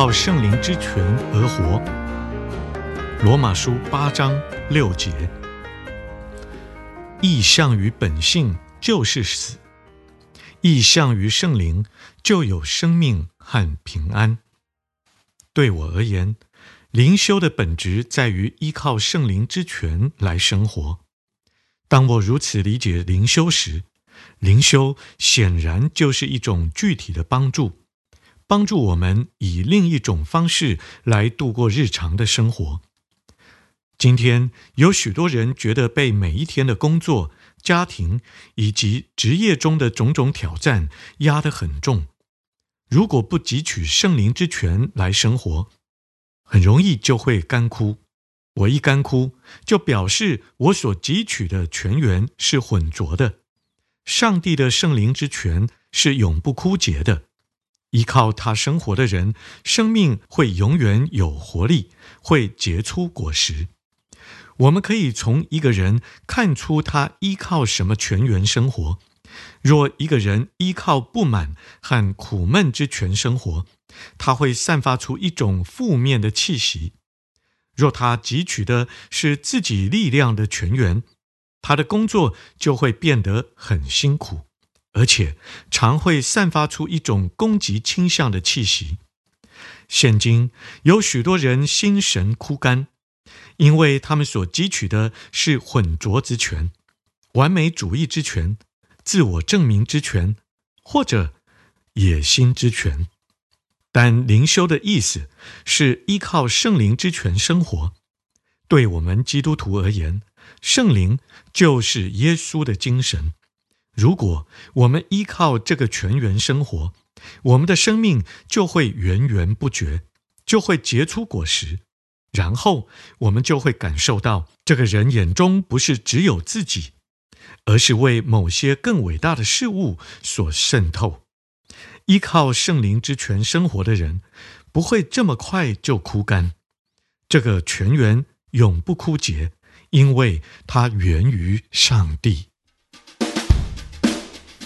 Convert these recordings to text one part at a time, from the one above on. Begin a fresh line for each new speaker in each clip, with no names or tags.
靠聖靈之泉而活，《羅馬書》八章六節。意向於本性就是死，意向於聖靈就有生命和平安。對我而言，靈修的本質在於依靠聖靈之泉來生活。當我如此理解靈修時，靈修顯然就是一種具體的幫助。幫助我們以另一種方式來度過日常的生活。今天有許多人覺得被每一天的工作、家庭以及職業中的種種挑戰壓得很重。如果不汲取聖靈之泉來生活，很容易就會乾枯。我一乾枯，就表示我所汲取的泉源是渾濁的。上帝的聖靈之泉是永不枯竭的。依靠他生活的人，生命會永遠有活力，會結出果實。我們可以從一個人看出他依靠什麼泉源生活。若一個人依靠不滿和苦悶之泉生活，他會散發出一種負面的氣息。若他汲取的是自己力量的泉源，他的工作就會變得很辛苦。而且常會散發出一種攻擊傾向的氣息。現今有許多人心神枯乾，因為他們所汲取的是混濁之泉、完美主義之泉、自我證明之泉，或者野心之泉。但靈修的意思是依靠聖靈之泉生活。對我們基督徒而言，聖靈就是耶穌的精神。如果我們依靠這個泉源生活，我們的生命就會源源不絕，就會結出果實，然後我們就會感受到，這個人眼中不是只有自己，而是為某些更偉大的事物所滲透。依靠聖靈之泉生活的人，不會這麼快就枯乾。這個泉源永不枯竭，因為它源於上帝。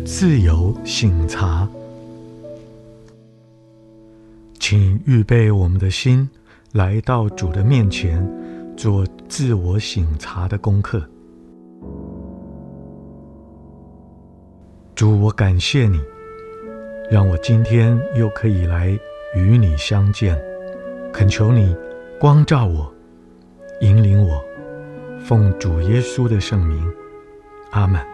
自由省察，請預備我們的心，來到主的面前，做自我省察的功課。主，我感謝你，讓我今天又可以來與你相見。懇求你光照我，引領我，奉主耶穌的聖名，阿門。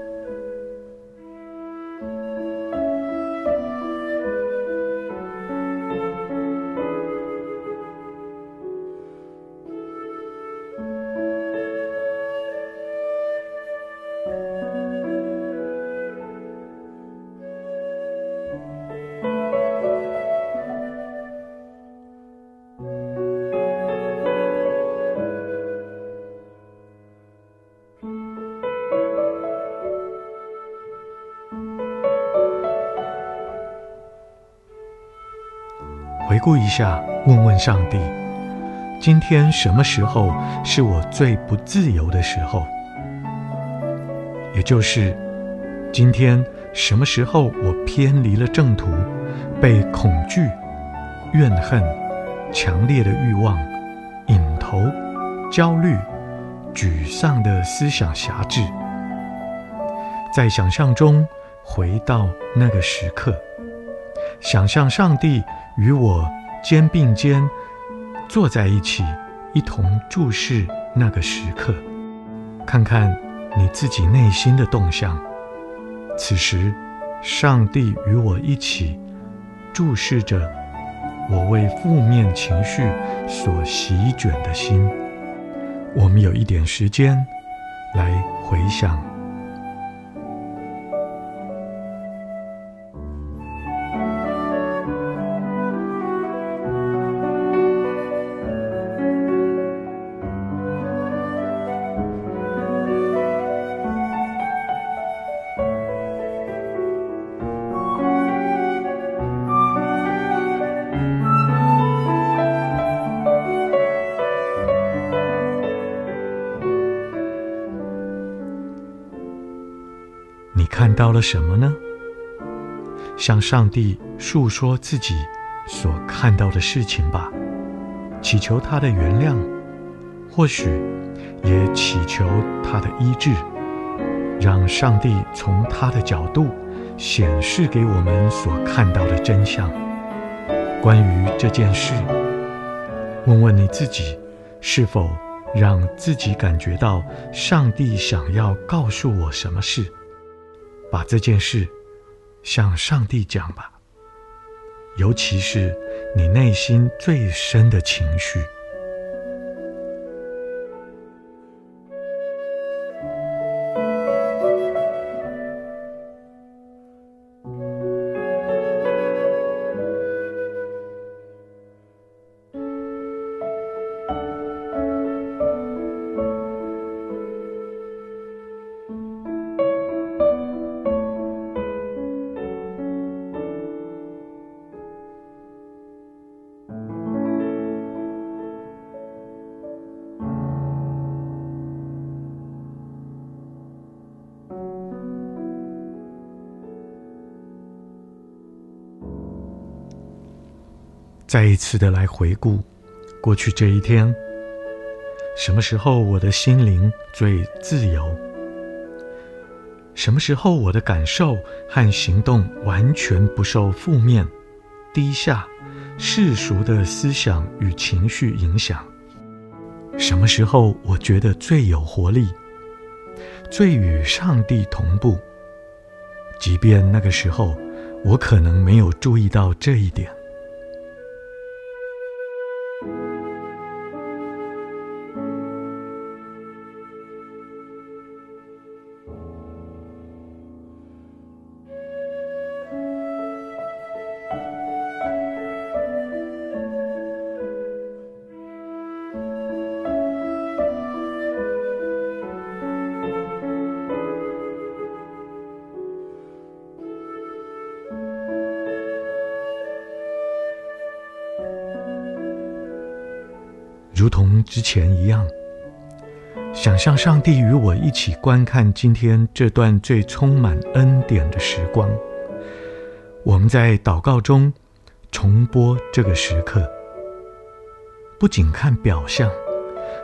回顧一下，問問上帝，今天什麼時候是我最不自由的時候？也就是今天什麼時候我偏離了正途，被恐懼、怨恨、強烈的慾望、癮頭、焦慮、沮喪的思想轄制，在想象中回到那個時刻。想象上帝與我肩並肩坐在一起，一同注視那個時刻。看看你自己內心的動向。此時，上帝與我一起注視着我為負面情緒所席捲的心。我們有一點時間來回想。到了什麼呢？向上帝訴說自己所看到的事情吧，祈求他的原諒，或許也祈求他的醫治，讓上帝從他的角度顯示給我們所看到的真相。關於這件事，問問你自己，是否讓自己感覺到上帝想要告訴我什麼事？把這件事向上帝講吧，尤其是你內心最深的情緒。再一次的來回顧，過去這一天，什麼時候我的心靈最自由？什麼時候我的感受和行動完全不受負面、低下、世俗的思想與情緒影響？什麼時候我覺得最有活力，最與上帝同步？即便那個時候，我可能沒有注意到這一點。同之前一樣，想象上帝與我一起觀看今天這段最充滿恩典的時光。我們在禱告中重播這個時刻，不僅看表象，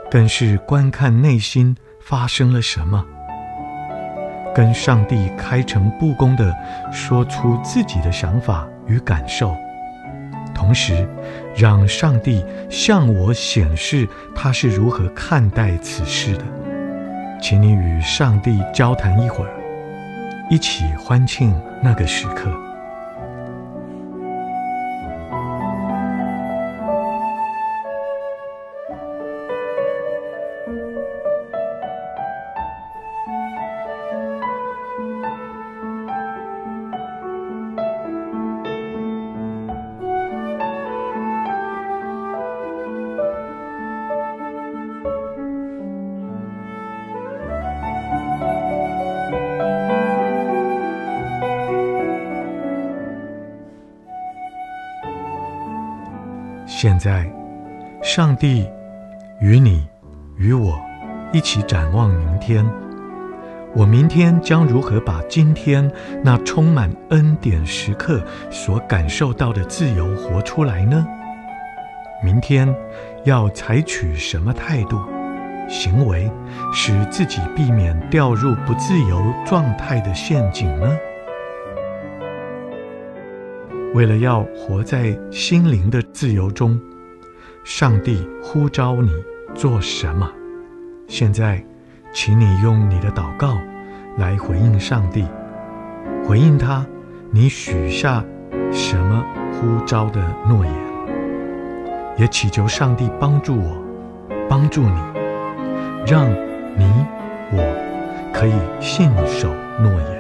更是觀看內心發生了什麼。跟上帝開誠布公地說出自己的想法與感受，同時。讓上帝向我顯示他是如何看待此事的，請你與上帝交談一會兒，一起歡慶那個時刻。現在，上帝與你與我一起展望明天。我明天將如何把今天那充滿恩典時刻所感受到的自由活出來呢？明天要採取什麼態度、行為，使自己避免掉入不自由狀態的陷阱呢？為了要活在心靈的自由中，上帝呼召你做什麼？現在，請你用你的禱告來回應上帝，回應他，你許下什麼呼召的諾言？也祈求上帝幫助我，幫助你，讓你、我可以信守諾言。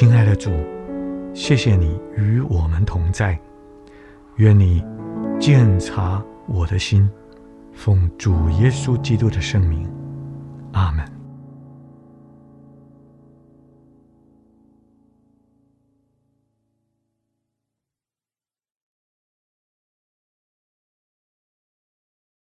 親愛的主，謝謝你與我們同在，願你鑑察我的心，奉主耶穌基督的聖名，
阿門。